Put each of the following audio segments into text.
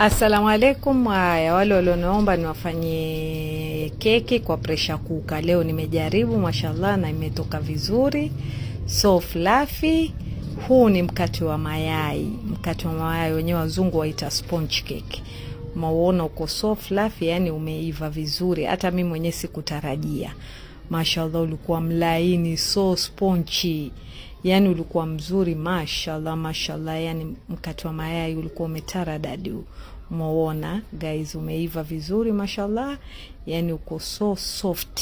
asalamu alaikum. Haya, wale walionaomba niwafanyie keki kwa presha kuka, leo nimejaribu, mashallah, na imetoka vizuri, so fluffy. Huu ni mkate wa mayai, mkate wa mayai wenyewe wazungu waita sponge cake. Mauona uko so fluffy, yani umeiva vizuri, hata mimi mwenyewe sikutarajia. Mashallah, ulikuwa mlaini so sponge yani ulikuwa mzuri mashallah, mashallah. Yani mkate wa mayai ulikuwa umetaradadi, umeuona guys, umeiva vizuri mashallah, yani uko so soft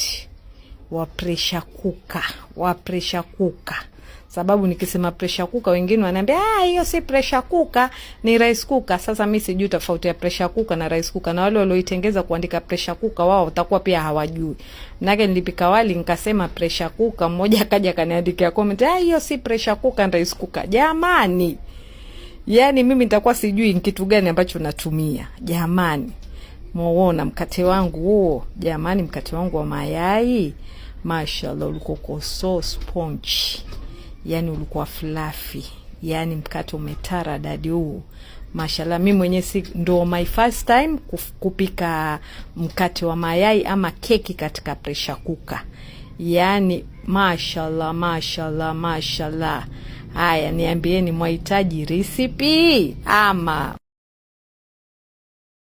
wa pressure cooker, wa pressure cooker sababu nikisema presha kuka wengine wananiambia ah, hiyo si presha kuka, ni rice kuka. Sasa mimi sijui tofauti ya presha kuka na rice kuka, na wale walioitengeza kuandika presha kuka wao watakuwa pia hawajui. Nake nilipika wali nikasema presha kuka, mmoja akaja akaniandikia comment, ah, hiyo si presha kuka, ni rice kuka. Jamani, yani mimi nitakuwa sijui kitu gani ambacho natumia jamani. Mwona mkate wangu huo jamani, mkate wangu wa mayai mashallah, ulikoko so sponge yani ulikuwa fluffy, yani mkate umetara dadi huu. mashala mi mwenyewe si ndo my first time kupika mkate wa mayai ama keki katika presha kuka Yani mashallah, mashallah, mashallah. Haya, niambieni mwahitaji risipi ama